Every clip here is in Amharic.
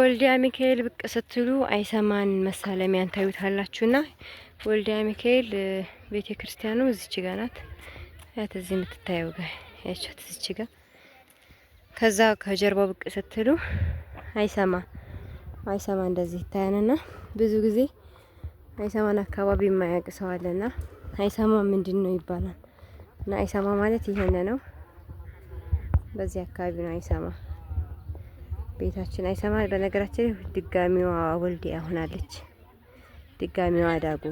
ወልዲያ ሚካኤል ብቅ ስትሉ አይሰማን መሳለሚያን ታዩታላችሁና ወልዲያ ሚካኤል ቤተ ክርስቲያኑ እዚች ጋ ናት። ያት እዚህ የምትታየው ጋ ያቻት እዚች ጋ። ከዛ ከጀርባው ብቅ ስትሉ አይሰማ አይሰማ እንደዚህ ይታያንና ብዙ ጊዜ አይሰማን አካባቢ የማያውቅ ሰው አለና አይሰማ ምንድን ነው ይባላል። እና አይሰማ ማለት ይሄን ነው። በዚህ አካባቢ ነው አይሰማ ቤታችን አይሰማል። በነገራችን ድጋሚዋ ወልዲያ ሆናለች። ድጋሚዋ ዳጉ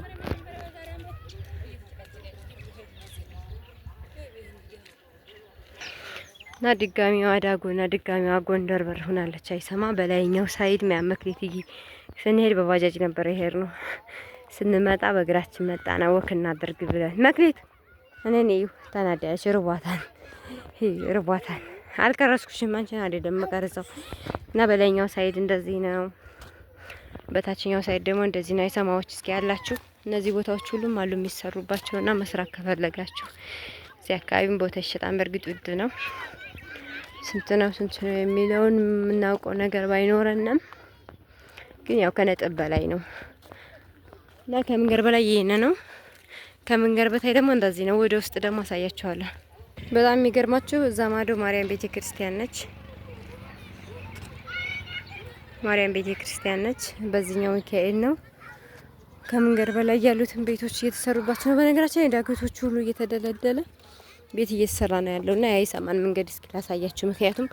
እና ድጋሚዋ ዳጉ እና ድጋሚዋ ጎንደር በር ሆናለች። አይሰማ በላይኛው ሳይድ ሚያመክሪት ይ ስንሄድ በባጃጅ ነበር ይሄር ነው። ስንመጣ በእግራችን መጣና ወክ እናደርግ ብለን መክሪት እኔ ነኝ ታናዳያች ርቧታል፣ ርቧታል አልቀረስኩሽም። አንቺን አይደለም የምቀርጸው እና በላይኛው ሳይድ እንደዚህ ነው። በታችኛው ሳይድ ደግሞ እንደዚህ ነው። የሰማዎች እስኪ ያላችሁ እነዚህ ቦታዎች ሁሉም አሉ የሚሰሩባቸውና መስራት ከፈለጋችሁ እዚህ አካባቢም ቦታ ይሸጣን በእርግጥ ውድ ነው። ስንት ነው ስንት ነው የሚለውን የምናውቀው ነገር ባይኖረንም ግን ያው ከነጥብ በላይ ነው እና ከመንገድ በላይ ይሄን ነው። ከመንገድ በታይ ደግሞ እንደዚህ ነው። ወደ ውስጥ ደግሞ አሳያችኋለሁ። በጣም የሚገርማችሁ እዛ ማዶ ማርያም ቤተ ክርስቲያን ነች። ማርያም ቤተ ክርስቲያን ነች። በዚህኛው ሚካኤል ነው። ከመንገድ በላይ ያሉትን ቤቶች እየተሰሩባቸው ነው። በነገራችን ዳገቶቹ ሁሉ እየተደለደለ ቤት እየተሰራ ነው ያለው እና የሰማን መንገድ እስኪ ላሳያችሁ። ምክንያቱም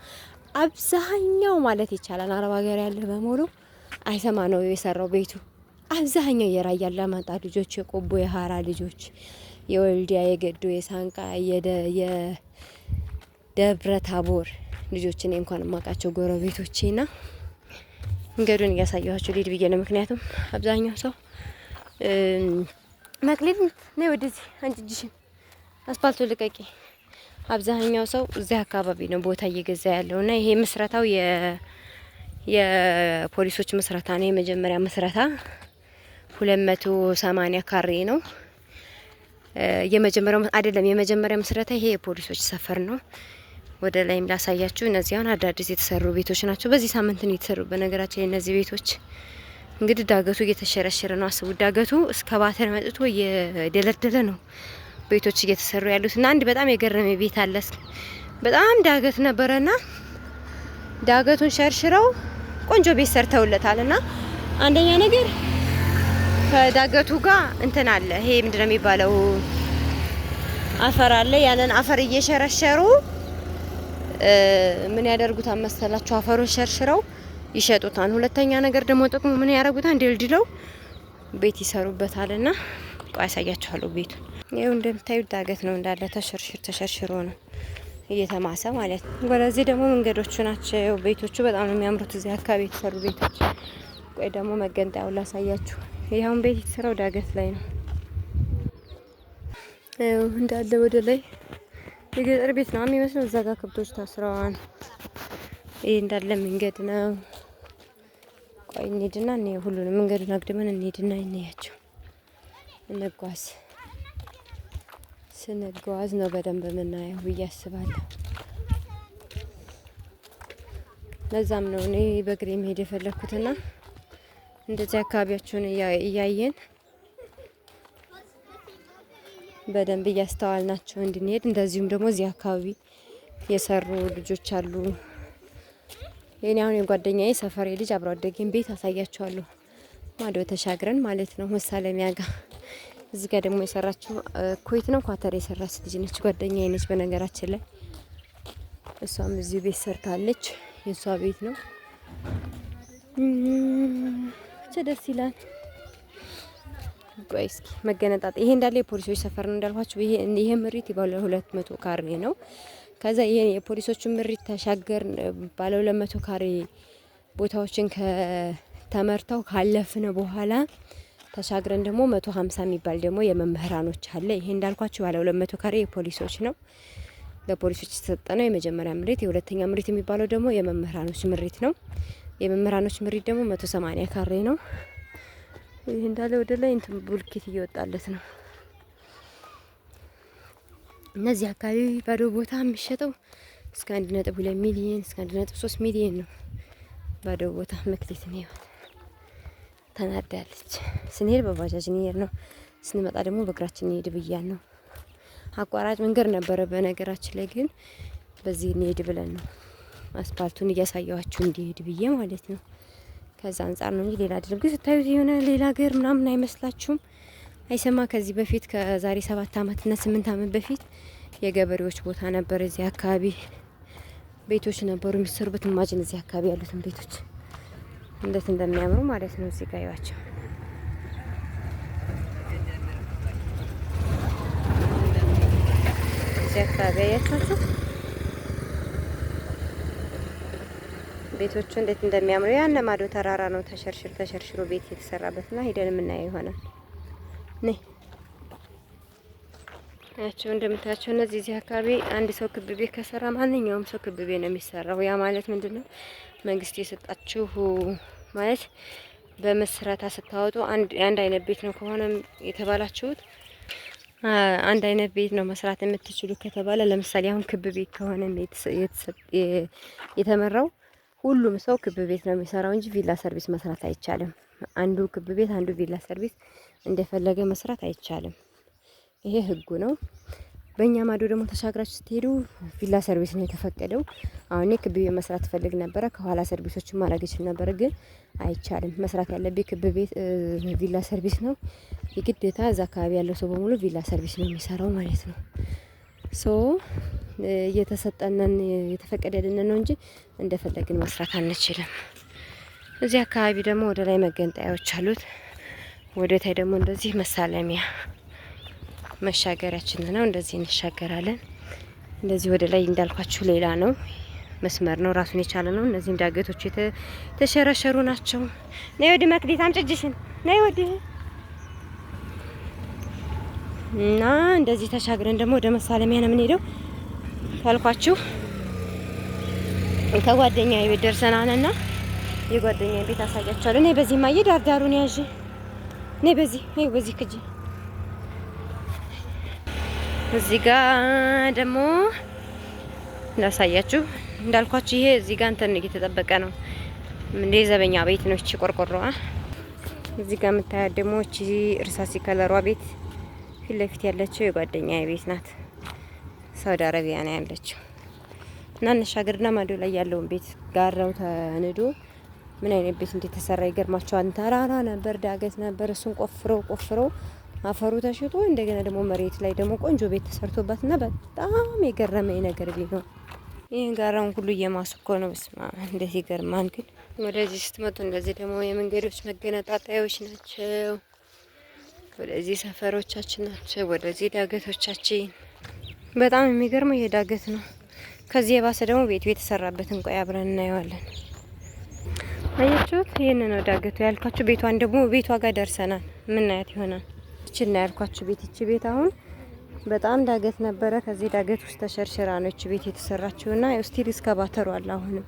አብዛኛው ማለት ይቻላል አረብ ሀገር ያለ በሙሉ አይሰማ ነው የሰራው ቤቱ አብዛኛው የራያ አላማጣ ልጆች፣ የቆቦ የሀራ ልጆች የወልዲያ፣ የገዶ፣ የሳንቃ፣ የደብረ ታቦር ልጆች እኔ እንኳን የማውቃቸው ጎረቤቶቼ ና መንገዱን እያሳየኋቸው ልሄድ ብዬ ነው። ምክንያቱም አብዛኛው ሰው መቅሊል ነይ ወደዚህ አንቺ እጅሽን አስፋልቱ ልቀቂ። አብዛኛው ሰው እዚህ አካባቢ ነው ቦታ እየገዛ ያለው እና ይሄ ምስረታው የፖሊሶች ምስረታ ነው። የመጀመሪያ ምስረታ ሁለት መቶ ሰማኒያ ካሬ ነው። የመጀመሪያው አይደለም፣ የመጀመሪያ ምስረታ ይሄ የፖሊሶች ሰፈር ነው። ወደ ላይም ላሳያችሁ። እነዚህ አዳዲስ የተሰሩ ቤቶች ናቸው። በዚህ ሳምንት ነው የተሰሩ። በነገራችን እነዚህ ቤቶች እንግዲህ ዳገቱ እየተሸረሸረ ነው። አስቡ፣ ዳገቱ እስከ ባተር መጥቶ እየደለደለ ነው ቤቶች እየተሰሩ ያሉት። እና አንድ በጣም የገረመ ቤት አለ። በጣም ዳገት ነበረና ዳገቱን ሸርሽረው ቆንጆ ቤት ሰርተውለታል። እና አንደኛ ነገር ከዳገቱ ጋር እንትን አለ። ይሄ ምንድን ነው የሚባለው? አፈር አለ። ያንን አፈር እየሸረሸሩ ምን ያደርጉታል መሰላችሁ? አፈሩን ሸርሽረው ይሸጡታል። ሁለተኛ ነገር ደግሞ ጥቅሙ ምን ያደርጉታል? ድልድለው ቤት ይሰሩበታልና ቆይ ያሳያችኋለሁ ቤቱ። ይኸው እንደምታዩት ዳገት ነው እንዳለ ተሸርሽር ተሸርሽሮ ነው እየተማሰ ማለት ነው። ወደዚህ ደግሞ መንገዶቹ ናቸው። ቤቶቹ በጣም ነው የሚያምሩት። እዚህ አካባቢ የተሰሩ ቤቶች። ቆይ ደግሞ መገንጠያውን ላሳያችሁ። ይኸውን ቤት የተሰራው ዳገት ላይ ነው። እንዳለ ወደ ላይ የገጠር ቤት ነው የሚመስለው። እዛ ጋር ከብቶች ታስረዋል። ይሄ እንዳለ መንገድ ነው። ቆይ እንሂድና እኔ ሁሉንም መንገዱን አግድመን እንሂድና እንያቸው እንጓዝ። ስንጓዝ ነው በደንብ የምናየው ብዬ አስባለሁ። ለዛም ነው እኔ በእግሬ መሄድ የፈለግኩትና እንደዚህ አካባቢያችሁን እያየን በደንብ እያስተዋልናቸው እንድንሄድ፣ እንደዚሁም ደግሞ እዚህ አካባቢ የሰሩ ልጆች አሉ። የኔ አሁን የጓደኛዬ ሰፈሬ ልጅ አብሮ አደጌን ቤት አሳያቸዋለሁ ማዶ ተሻግረን ማለት ነው መሳለሚያ ጋር። እዚህ ጋር ደግሞ የሰራችው ኮይት ነው ኳተር የሰራች ልጅ ነች፣ ጓደኛዬ ነች በነገራችን ላይ እሷም እዚሁ ቤት ሰርታለች። የእሷ ቤት ነው። ደስ ይላል። ቆይ እስኪ መገነጣጥ ይሄ እንዳለ የፖሊሶች ሰፈር ነው እንዳልኳችሁ። ይሄ ይሄ ምሪት ባለ 200 ካሬ ነው። ከዛ ይሄ የፖሊሶቹ ምሪት ተሻገር ባለ 200 ካሬ ቦታዎችን ተመርተው ካለፍን በኋላ ተሻግረን ደግሞ 150 የሚባል ደግሞ የመምህራኖች አለ። ይሄ እንዳልኳችሁ ባለ 200 ካሬ የፖሊሶች ነው። ለፖሊሶች የተሰጠ ነው የመጀመሪያ ምሪት። የሁለተኛ ምሪት የሚባለው ደግሞ የመምህራኖች ምሪት ነው። የመምህራኖች ምሪት ደግሞ መቶ ሰማንያ ካሬ ነው። ይህ እንዳለ ወደ ላይ እንትን ቡልኬት እየወጣለት ነው። እነዚህ አካባቢ ባዶ ቦታ የሚሸጠው እስከ አንድ ነጥብ ሁለት ሚሊየን እስከ አንድ ነጥብ ሶስት ሚሊየን ነው። ባዶ ቦታ መክሊት ነው። ተናዳለች። ስንሄድ በባጃጅ እንሄድ ነው፣ ስንመጣ ደግሞ በእግራችን እንሄድ ብያን ነው። አቋራጭ መንገድ ነበረ በነገራችን ላይ ግን በዚህ እንሄድ ብለን ነው አስፓልቱን እያሳየዋችሁ እንዲሄድ ብዬ ማለት ነው። ከዛ አንጻር ነው እንጂ ሌላ አይደለም። ግን ስታዩት የሆነ ሌላ ሀገር ምናምን አይመስላችሁም? አይሰማ ከዚህ በፊት ከዛሬ ሰባት አመትና ስምንት አመት በፊት የገበሬዎች ቦታ ነበር። እዚህ አካባቢ ቤቶች ነበሩ የሚሰሩበት። ማጅን እዚህ አካባቢ ያሉትን ቤቶች እንዴት እንደሚያምሩ ማለት ነው። እዚህ ጋር ያቸው እዚህ አካባቢ አያችኋቸው ቤቶቹ እንዴት እንደሚያምሩ ያን ማዶ ተራራ ነው ተሸርሽር ተሸርሽሮ ቤት የተሰራበት ና ሄደን የምናየው ይሆናል። ነይ ያቸው እንደምታያቸው እነዚህ እዚህ አካባቢ አንድ ሰው ክብ ቤት ከሰራ ማንኛውም ሰው ክብ ቤት ነው የሚሰራው። ያ ማለት ምንድን ነው? መንግስት የሰጣችሁ ማለት በመስራታ ስታወጡ አንድ አይነት ቤት ነው ከሆነ የተባላችሁት አንድ አይነት ቤት ነው መስራት የምትችሉ ከተባለ፣ ለምሳሌ አሁን ክብ ቤት ከሆነ የተመራው ሁሉም ሰው ክብ ቤት ነው የሚሰራው እንጂ ቪላ ሰርቪስ መስራት አይቻልም። አንዱ ክብ ቤት፣ አንዱ ቪላ ሰርቪስ እንደፈለገ መስራት አይቻልም። ይሄ ህጉ ነው። በእኛ ማዶ ደግሞ ተሻግራችሁ ስትሄዱ ቪላ ሰርቪስ ነው የተፈቀደው። አሁን እኔ ክብ ቤት መስራት ፈልግ ነበረ። ከኋላ ሰርቪሶችን ማድረግ ይችል ነበረ፣ ግን አይቻልም። መስራት ያለብኝ ክብ ቤት ቪላ ሰርቪስ ነው። የግዴታ እዛ አካባቢ ያለው ሰው በሙሉ ቪላ ሰርቪስ ነው የሚሰራው ማለት ነው። ሶ እየተሰጠነን የተፈቀደልን ነው እንጂ እንደፈለግን መስራት አንችልም። እዚህ አካባቢ ደግሞ ወደ ላይ መገንጠያዎች አሉት። ወደ ታይ ደግሞ እንደዚህ መሳለሚያ መሻገሪያችን ነው። እንደዚህ እንሻገራለን። እንደዚህ ወደ ላይ እንዳልኳችሁ ሌላ ነው መስመር ነው ራሱን የቻለ ነው። እነዚህ ዳገቶቹ የተሸረሸሩ ናቸው። ነይ ወዲህ አምጭጅሽን ነይ ወዲህ እና እንደዚህ ተሻግረን ደግሞ ወደ መሳለሚያ ነው የምንሄደው። ታልኳችሁ ከጓደኛ ቤት ደርሰናል እና የጓደኛ ቤት አሳያችኋለሁ። እኔ በዚህ ማየ ዳርዳሩን ያዥ እኔ በዚህ አይ በዚህ ክጅ እዚህ ጋ ደግሞ እንዳሳያችሁ እንዳልኳችሁ ይሄ እዚህ ጋ እንትን እየተጠበቀ ነው እንደ ዘበኛ ቤት ነው። እቺ ቆርቆሮዋ እዚህ ጋ የምታያት ደግሞ እቺ እርሳሲ ከለሯ ቤት ፊት ለፊት ያለችው የጓደኛ ቤት ናት። ሳውዲ አረቢያ ነው ያለችው እና እንሻገርና ማዶ ላይ ያለውን ቤት ጋር ነው ተንዶ። ምን አይነት ቤት እንደተሰራ ይገርማቸዋል። ተራራ ነበር፣ ዳገት ነበር። እሱን ቆፍረው ቆፍረው አፈሩ ተሽጦ እንደገና ደግሞ መሬት ላይ ደግሞ ቆንጆ ቤት ተሰርቶበት በጣም የገረመኝ ነገር ቢኖር ይህን ጋራውን ሁሉ እየማስኮ ነው። ስማ እንደዚህ ገርማን። ግን ወደዚህ ስትመጡ እንደዚህ ደግሞ የመንገዶች መገነጣጣዮች ናቸው። ወደዚህ ሰፈሮቻችን ናቸው፣ ወደዚህ ዳገቶቻችን። በጣም የሚገርመው የዳገት ዳገት ነው። ከዚህ የባሰ ደግሞ ቤቱ የተሰራበት ቆይ አብረን እናየዋለን። አያችሁት? ይህን ነው ዳገቱ ያልኳችሁ። ቤቷን ደግሞ ቤቷ ጋር ደርሰናል፣ ምናያት ይሆናል። ይችና ያልኳችሁ ቤት ይቺ ቤት አሁን በጣም ዳገት ነበረ። ከዚህ ዳገት ውስጥ ተሸርሽራ ነው ይቺ ቤት የተሰራችውና ስቲል እስከ ባተሯል። አሁንም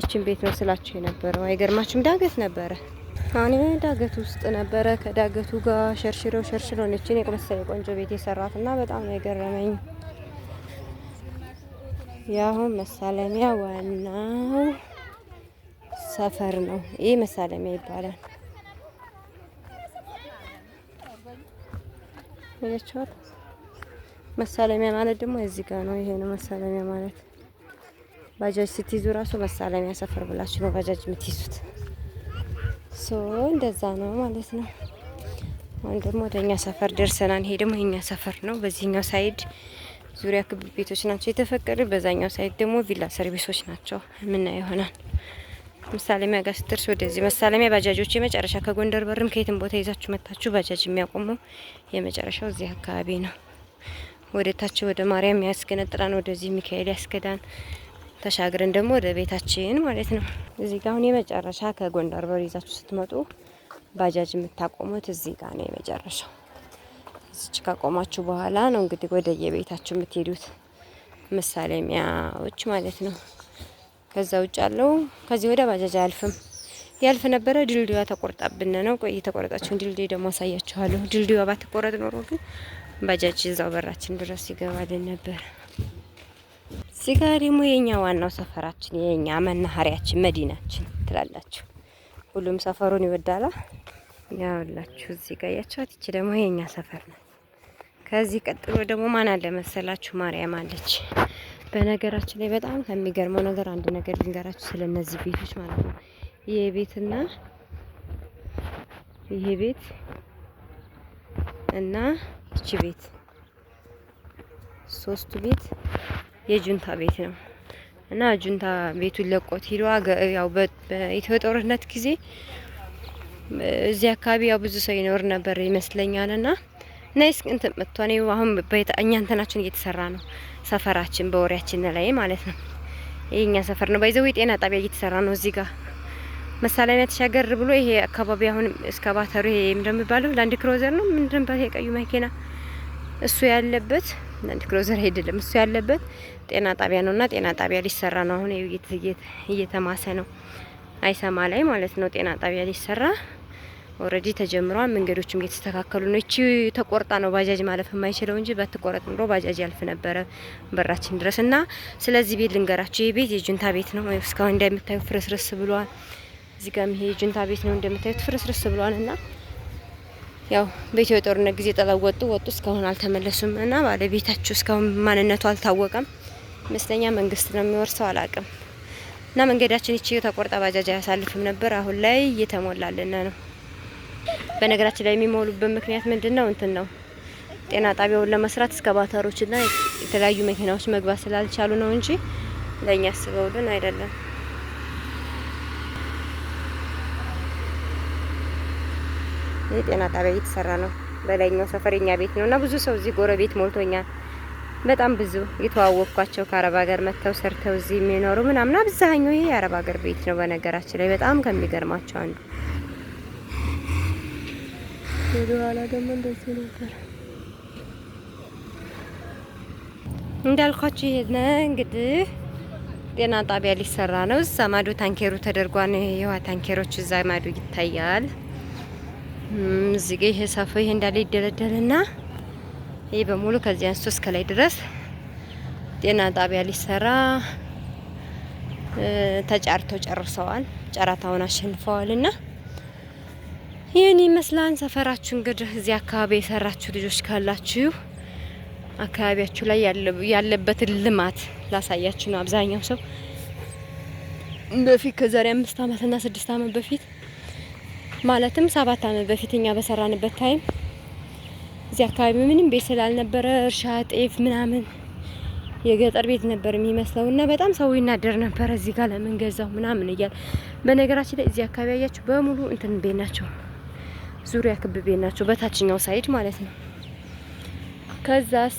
ይችን ቤት ነው ስላችሁ የነበረው አይገርማችሁም? ዳገት ነበረ። እኔ ዳገት ውስጥ ነበረ። ከዳገቱ ጋር ሸርሽረው ሸርሽረው ነችን የመሰለ ቆንጆ ቤት የሰራት እና በጣም ነው የገረመኝ። የአሁን መሳለሚያ ዋናው ሰፈር ነው። ይህ መሳለሚያ ይባላል። ያቸዋል መሳለሚያ ማለት ደግሞ እዚህ ጋር ነው። ይሄ ነው መሳለሚያ ማለት። ባጃጅ ስትይዙ ራሱ መሳለሚያ ሰፈር ብላችሁ ነው ባጃጅ የምትይዙት። ሶ እንደዛ ነው ማለት ነው። አሁን ደግሞ ወደ እኛ ሰፈር ደርሰናል። ይሄ ደግሞ የኛ ሰፈር ነው። በዚህኛው ሳይድ ዙሪያ ክብ ቤቶች ናቸው የተፈቀዱ፣ በዛኛው ሳይድ ደግሞ ቪላ ሰርቪሶች ናቸው የምናየው ይሆናል። መሳለሚያ ጋር ስትደርስ ወደዚህ መሳለሚያ ባጃጆች የመጨረሻ ከጎንደር በርም ከየትም ቦታ ይዛችሁ መታችሁ ባጃጅ የሚያቆመው የመጨረሻው እዚህ አካባቢ ነው። ወደ ታች ወደ ማርያም ያስገነጥራን፣ ወደዚህ ሚካኤል ያስገዳን። ተሻግረን ደግሞ ወደ ቤታችን ማለት ነው። እዚህ ጋር አሁን የመጨረሻ ከጎንደር በር ይዛችሁ ስትመጡ ባጃጅ የምታቆሙት እዚህ ጋር ነው የመጨረሻው። እዚች ካቆማችሁ በኋላ ነው እንግዲህ ወደ የቤታችሁ የምትሄዱት መሳለሚያዎች ማለት ነው። ከዛ ውጭ ያለው ከዚህ ወደ ባጃጅ አያልፍም። ያልፍ ነበረ ድልድዋ ተቆርጣብን ነው። ቆይ የተቆረጣችሁን ድልድይ ደግሞ አሳያችኋለሁ። ድልድዋ ባትቆረጥ ኖሮ ግን ባጃጅ እዛው በራችን ድረስ ይገባልን ነበር። እዚህ ጋር ደግሞ የኛ ዋናው ሰፈራችን የኛ መናኸሪያችን መዲናችን ትላላችሁ። ሁሉም ሰፈሩን ይወዳላ። ያውላችሁ እዚህ ጋር ያቻት እቺ ደግሞ የኛ ሰፈር ነው። ከዚህ ቀጥሎ ደግሞ ማን አለ መሰላችሁ? ማርያም አለች። በነገራችን ላይ በጣም ከሚገርመው ነገር አንድ ነገር ልንገራችሁ ስለ እነዚህ ቤቶች ማለት ነው። ይሄ ቤትና ይሄ ቤት እና እቺ ቤት ሶስቱ ቤት የጁንታ ቤት ነው እና ጁንታ ቤቱን ለቆት ሂዶ ያው በኢትዮ ጦርነት ጊዜ እዚህ አካባቢ ያው ብዙ ሰው ይኖር ነበር ይመስለኛል። ና ናይስ እንትን መጥቶ ነው አሁን እኛ እንትናችን እየተሰራ ነው ሰፈራችን በወሬያችን ላይ ማለት ነው። ይሄኛ ሰፈር ነው ባይዘው የጤና ጣቢያ እየተሰራ ነው እዚህ ጋር መሳለሚያ ተሻገር ብሎ ይሄ አካባቢ አሁን እስከ ባተሩ ይሄ እንደሚባለው ላንድ ክሮዘር ነው ምንድን በቀዩ መኪና እሱ ያለበት ክሎዘር አይደለም እሱ ያለበት ጤና ጣቢያ ነውና ጤና ጣቢያ ሊሰራ ነው። አሁን እየተማሰ ነው፣ አይሰማ ላይ ማለት ነው። ጤና ጣቢያ ሊሰራ ኦልሬዲ ተጀምሯል። መንገዶችም እየተስተካከሉ ነው። እቺ ተቆርጣ ነው ባጃጅ ማለፍ የማይችለው እንጂ በትቆረጥ ኑሮ ባጃጅ ያልፍ ነበረ በራችን ድረስ እና ስለዚህ ቤት ልንገራችሁ። ይህ ቤት የጁንታ ቤት ነው። እስካሁን እንደምታዩ ፍርስርስ ብሏል። እዚህ ጋር ይሄ የጁንታ ቤት ነው እንደምታዩት ፍርስርስ ብሏል እና ያው በኢትዮ ጦርነት ጊዜ ጥለው ወጡ ወጡ እስካሁን አልተመለሱም እና ባለቤታቸው እስካሁን ማንነቱ አልታወቀም። መስለኛ መንግስት ነው የሚወርሰው አላቅም። እና መንገዳችን ይቺ ተቆርጣ ባጃጅ አያሳልፍም ነበር። አሁን ላይ እየተሞላልን ነው። በነገራችን ላይ የሚሞሉበት ምክንያት ምንድን ነው? እንትን ነው ጤና ጣቢያውን ለመስራት እስከባተሮችና የተለያዩ መኪናዎች መግባት ስላልቻሉ ነው እንጂ ለእኛ አስበውልን አይደለም። የጤና ጣቢያ እየተሰራ ነው። በላይኛው ሰፈር ቤት ነው እና ብዙ ሰው እዚህ ጎረቤት ሞልቶኛል። በጣም ብዙ የተዋወቅኳቸው ከአረብ ሀገር መጥተው ሰርተው እዚህ የሚኖሩ ምናምን አብዛኛው ይሄ የአረብ ሀገር ቤት ነው። በነገራችን ላይ በጣም ከሚገርማቸው አንዱ ወደ ኋላ ደግሞ እንደዚህ ነበር እንዳልኳችሁ። ይሄን እንግዲህ ጤና ጣቢያ ሊሰራ ነው። እዛ ማዶ ታንኬሩ ተደርጓ የውሃ ታንኬሮች እዛ ማዶ ይታያል። እዚህ ጋር ይሄ ሰፈ ይሄ እንዳለ ይደለደልና ይሄ በሙሉ ከዚህ አንስቶ እስከ ላይ ድረስ ጤና ጣቢያ ሊሰራ ተጫርተው ጨርሰዋል። ጨረታውን አሸንፈዋልና ይህን ይመስላል ሰፈራችሁ። እንግዲህ እዚህ አካባቢ የሰራችሁ ልጆች ካላችሁ አካባቢያችሁ ላይ ያለበትን ልማት ላሳያችሁ ነው። አብዛኛው ሰው በፊት ከዛሬ አምስት አመትና ስድስት አመት በፊት ማለትም ሰባት አመት በፊት እኛ በሰራንበት ታይም እዚህ አካባቢ ምንም ቤት ስላልነበረ እርሻ፣ ጤፍ ምናምን የገጠር ቤት ነበር የሚመስለው እና በጣም ሰው ይናደር ነበረ። እዚህ ጋር ለምን ገዛው ምናምን እያል በነገራችን ላይ እዚህ አካባቢ ያያችሁ በሙሉ እንትን ቤት ናቸው፣ ዙሪያ ክብ ቤት ናቸው፣ በታችኛው ሳይድ ማለት ነው። ከዛስ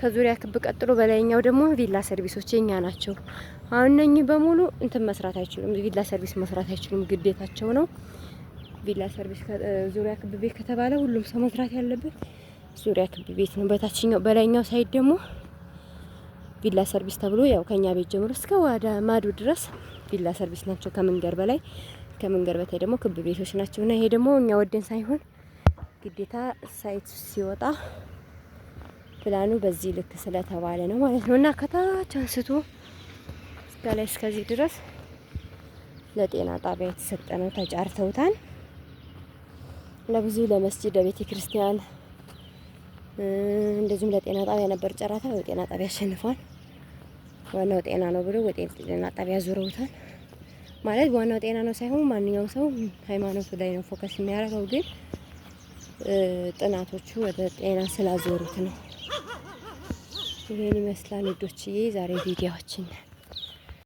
ከዙሪያ ክብ ቀጥሎ በላይኛው ደግሞ ቪላ ሰርቪሶች የኛ ናቸው። አሁን እነኚህ በሙሉ እንትን መስራት አይችሉም፣ ቪላ ሰርቪስ መስራት አይችሉም። ግዴታቸው ነው። ቪላ ሰርቪስ ዙሪያ ክብ ቤት ከተባለ ሁሉም ሰው መስራት ያለበት ዙሪያ ክብ ቤት ነው። በታችኛው በላይኛው ሳይድ ደግሞ ቪላ ሰርቪስ ተብሎ ያው ከኛ ቤት ጀምሮ እስከ ዋዳ ማዶ ድረስ ቪላ ሰርቪስ ናቸው። ከመንገድ በላይ ከመንገድ በታይ ደግሞ ክብ ቤቶች ናቸው። እና ይሄ ደግሞ እኛ ወደን ሳይሆን ግዴታ ሳይት ሲወጣ ፕላኑ በዚህ ልክ ስለተባለ ነው ማለት ነው እና ከታች አንስቶ በላይ እስከዚህ ድረስ ለጤና ጣቢያ የተሰጠ ነው። ተጫርተውታል። ለብዙ ለመስጂድ፣ ለቤተ ክርስቲያን እንደዚሁም ለጤና ጣቢያ ነበር ጨረታ። ጤና ጣቢያ አሸንፏል። ዋናው ጤና ነው ብሎ ወደ ጤና ጣቢያ ዙረውታል። ማለት ዋናው ጤና ነው ሳይሆን ማንኛውም ሰው ሃይማኖቱ ላይ ነው ፎከስ የሚያደርገው፣ ግን ጥናቶቹ ወደ ጤና ስላዞሩት ነው። ይህን ይመስላል ልጆችዬ ዛሬ ቪዲዮዎችን